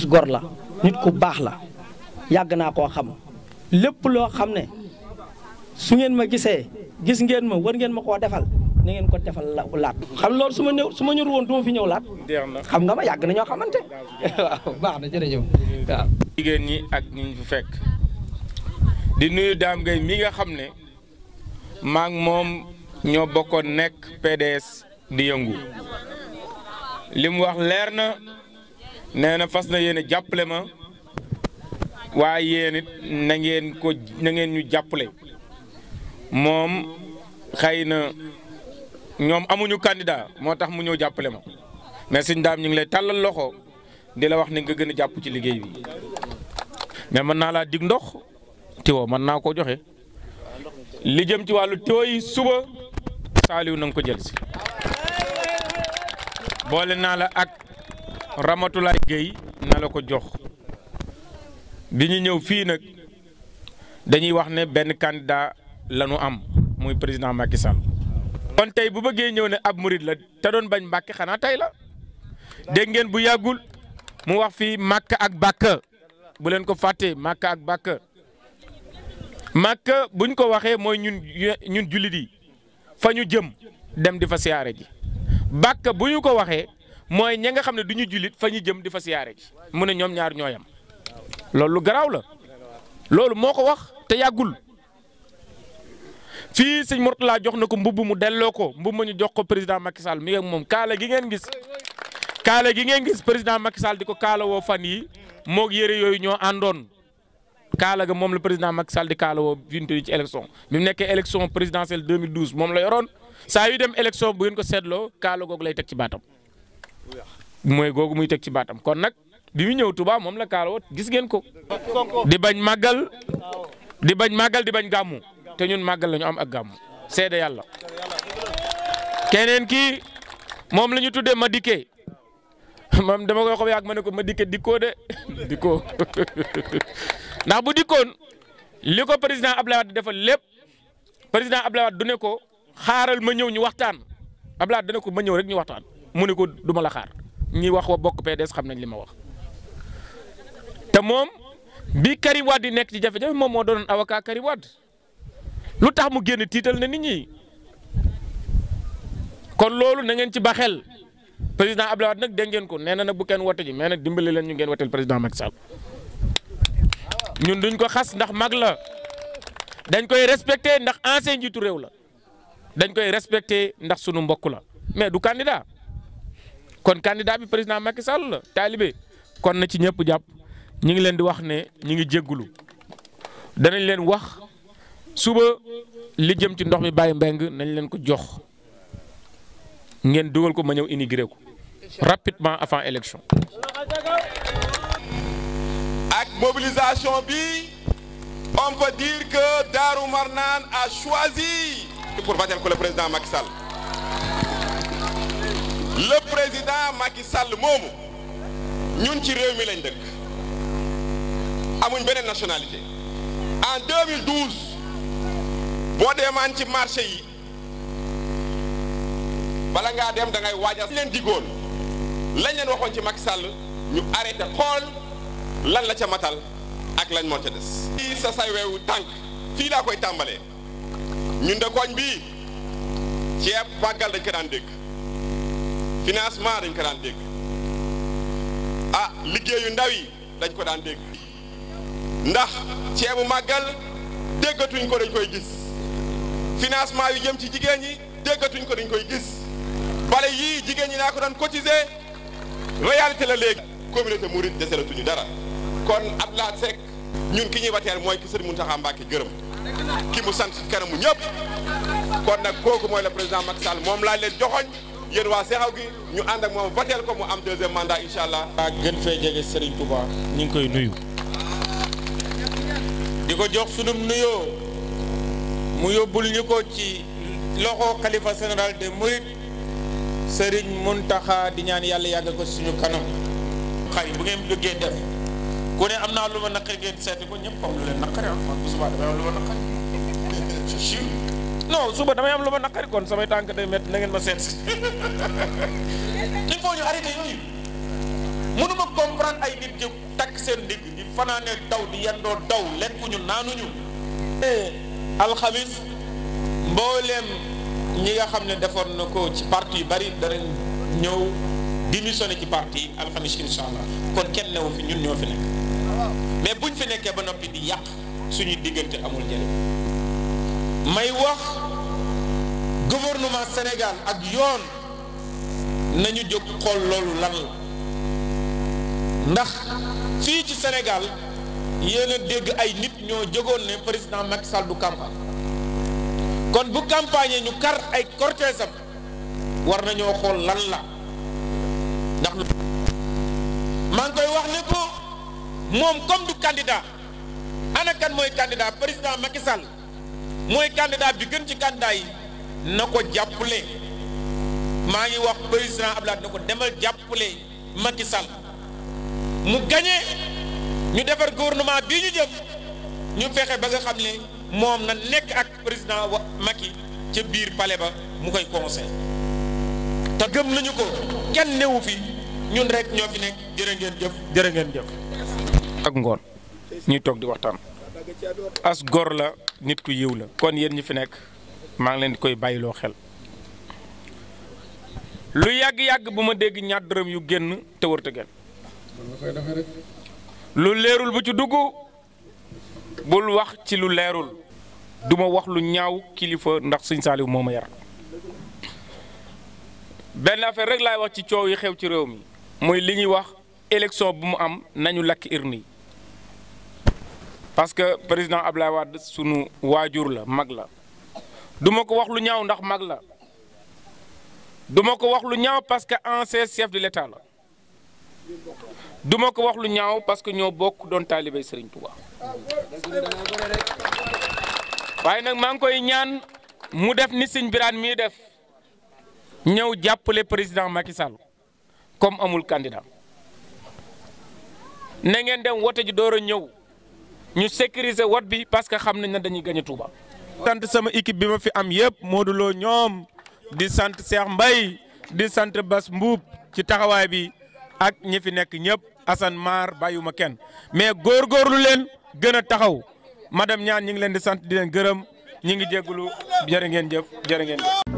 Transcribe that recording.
as gor la nit ku bax la yag na ko xam lepp lo xamne su ngeen ma gisee gis ngeen ma war ngeen ma ko defal ni ngeen ko defal la laat xam lool suma ñew suma su ma duma fi ñew laat xam nga ma yag na ñoo xamante baax na jërëjëf waaw. digeen ñi ak ñu fi fekk di nuyu Dame ngay mi nga xamne ma ak mom ño ñoo nek PDS di yëngu lim wax leer na. nee na fas na yéene jàppale ma waaye yéen it na ko na ngeen ñu jàppale moom xëy na ñoom amuñu kandidaa moo tax mu ñëw jàppale ma mais suñ daam ñu ngi lay tàllal loxo di la wax ni nga gën a jàpp ci liggéey bi mais mën naa laa dig ndox tiwo mën naa koo joxe li jëm ci wàllu tiwo yi suba saaliw nang ko jël boole naa la ak ramatulay Guèye na la ko jox biñu ñew fi nak dañuy wax ne ben candidat lañu am muy président Macky Sall. kon tay bu bëggee ñew ne ab mourid la ta doon bañ mbacke xana tay la de ngeen bu yagul mu wax fi makka ak bakka bu len ko makka ak bakka makka buñ ko waxee moy ñun ñun julit yi fañu jëm dem di fa siyaare ji bakka ko mooy ña nga xam ne du ñu jullit fa ñu jëm di fa siyaare ji mu ne ñoom ñaar ñooyam loolu lu garaaw la loolu moo ko wax te yàggul fii sëñ Mourtala jox na ko mbubb mu delloo ko mbubb ma ñu jox ko président Macky Sall mi ak moom kaala gi ngeen gis kaala gi ngeen gis président Macky Sall di ko kaala woo fan yi moog yére yooyu ñoo àndoon kaala ga moom la président Macky Sall di kaala wo vingt ci élection bi mu nekkee élection présidentielle moom la yoroon saa yu dem élection bu ko seetloo kaala googu lay teg ci baatam. mooy googu muy teg ci baatam kon nag bi mu ñëw tubaab moom la kaaloo gis ngeen ko. di bañ màggal di bañ màggal di bañ gàmmu te ñun màggal lañu am ak gàmmu seede yàlla. keneen kii moom la ñu tuddee ma dikkee moom dama koy xob ma ne ko ma dikkee dikkoo de dikkoo ndax bu dikkoon li ko président Abdoulaye Wade defal lépp président Abdoulaye Wade du ne ko xaaral ma ñëw ñu waxtaan Abdoulaye Wade du ne ko ma ñëw rek ñu waxtaan. mu ni ko du la xaar ñi wax wa bokk PDS xamnañ lima wax te mom bi Karim wad di nek ci jafé jafé mom mo doon avocat Karim wad lu tax mu genn tiital na nit ñi kon lolu na ngeen ci baxel président abdou wad nak de ngeen ko neena nak bu kenn wote ji meena dimbali leen ñu ngeen woteel président Macky Sall ñun duñ ko xass ndax mag la dañ koy respecter ndax ancien njiitu rew la dañ koy respecter ndax sunu mbokk la mais du candidat kon candidat bi président Macky Sall la taalibe kon na ci ñëpp jàpp ñu ngi leen di wax ne ñu ngi jéggulu danañ leen wax suba li jëm ci ndox mi bàyyi mbeng nañ leen ko jox ngeen dugal ko ma ñëw inaugurer ko rapidement avant élection. ak mobilisation bi on peut dire que Darou Marnane a choisi pour voter pour le président Macky Sall. le président Macky Sall moomu ñun ci réew mi lañ dëkk amuñ beneen nationalité en 2012 boo demaan ci marché yi bala ngaa dem dangay ngay waajal leen diggoon lañ leen waxoon ci Macky sàll ñu arrêté xool lan la ca matal ak lañ moo ca des. fii sa tànk fii koy tàmbalee ñun de koñ bii ceeb màggal dañ ko daan financement dañ ko daan dégg a ah, liggéeyu ndaw yi dañ ko daan dégg ndax ceebu màggal déggatuñ ko dañ koy gis financement yu jëm ci jigéen ñi déggatuñ ko dañ koy gis bale yii jigéen ñi naa ko doon cotiser réalité la léegi communauté mouride deseratuñu dara kon Abdoulaye Seck ñun ki ñuy wateel mooy ki Sëriñ Mountakha Mbacké gërëm ki mu sant kanamu ñëpp kon nag kooku mooy le président Macky Sall moom laa leen joxoñ yéen waa Seexaw gi ñu ànd ak moom voteel ko mu am deuxième mandat incha allah. ak gën fee jege Serigne Touba ñu ngi koy nuyu. di ko jox sunum nuyoo mu yóbbul ñu ko ci loxo kalifa général de Mouride Serigne Mountakha di ñaan yàlla yàgg ko suñu kanam. xay bu ngeen jógee def ku ne am naa lu ma naqari ngeen seeti ko ñëpp comme lu leen naqari ah bu subaa dafay lu ma naqari. non suba damay am lu ma naqari kon samay tànk day métti na ngeen ma seet il faut ñu arrêté yooyu mënuma comprendre ay nit di takk seen ndigg di fanaane daw di yendoo daw lekkuñu ñu eh, alxamis mbooleem ñi nga xam ne defoon na ko ci parti yu bari danañ ñëw démissionné ci parti yi alxamis insha allah kon kenn newu fi ñun ñoo fi nekk ah, mais buñ fi nekkee ba noppi di yàq suñuy diggante amul njëriñ may wax gouvernement Sénégal ak yoon nañu jóg xool loolu lan la ndax fii ci Sénégal yéen dégg ay nit ñoo jógoon ne président Macky Sall du campagne kon bu campagne ñu kar ay cortège am war nañoo xool lan la ndax maa ngi koy wax ne ko moom comme du candidat ana mooy candidat président Macky Sall mooy daal bi gën ci candidat na ko jàppale maa ngi wax président Abdoulaye na ko demal jàppale Macky Sall mu gañe ñu defar gouvernement bii ñu jëm ñu fexe ba nga xam ne moom na nekk ak président wa Macky ca biir pale ba mu koy conseil te gëm nañu ko kenn newu fi ñun rek ñoo fi nekk jërë ngeen jëf jërë ngeen jëf ak ngoon ñuy toog di waxtaan as gor la nit ku yiw la kon yéen ñi fi nekk maa ngi leen koy bàyyiloo xel lu yàgg-yàgg bu ma dégg ñaar yu génn te lu leerul bu ci dugg bul wax ci lu leerul duma wax lu ñaaw kilifa ndax sëñ Saaliw moo ma yar benn affaire rek laay wax ci coow yi xew ci réew mi mooy li ñuy wax élection bu mu am nañu lakk urne parce que président Ablaye Wade sunu waajur la mag la duma ko wax lu ñaaw ndax mag la duma ko wax lu ñaaw parce que ancien chef de l'état la duma ko wax lu ñaaw parce que ñoo bokk doon taalibey Serigne Touba waaye nag maa ngi koy ñaan mu def ni Serigne Birane mii def ñëw jàppale président Macky comme amul candidat na ngeen dem wote ji door a ñëw. ñu sécuriser wat bi parce que xam nañ ne dañuy gagné Touba. sant sama équipe bi ma fi am yëpp Modou Lo ñoom di sant Cheikh mbay di sant Bas Mbuub ci taxawaay bi ak ñi fi nekk ñëpp Assane Mar bàyyuma kenn mais góorgóorlu leen gën a taxaw madame ñaan ñi ngi leen di sant di leen gërëm ñi ngi jégalu jërë ngeen jëf jërë ngeen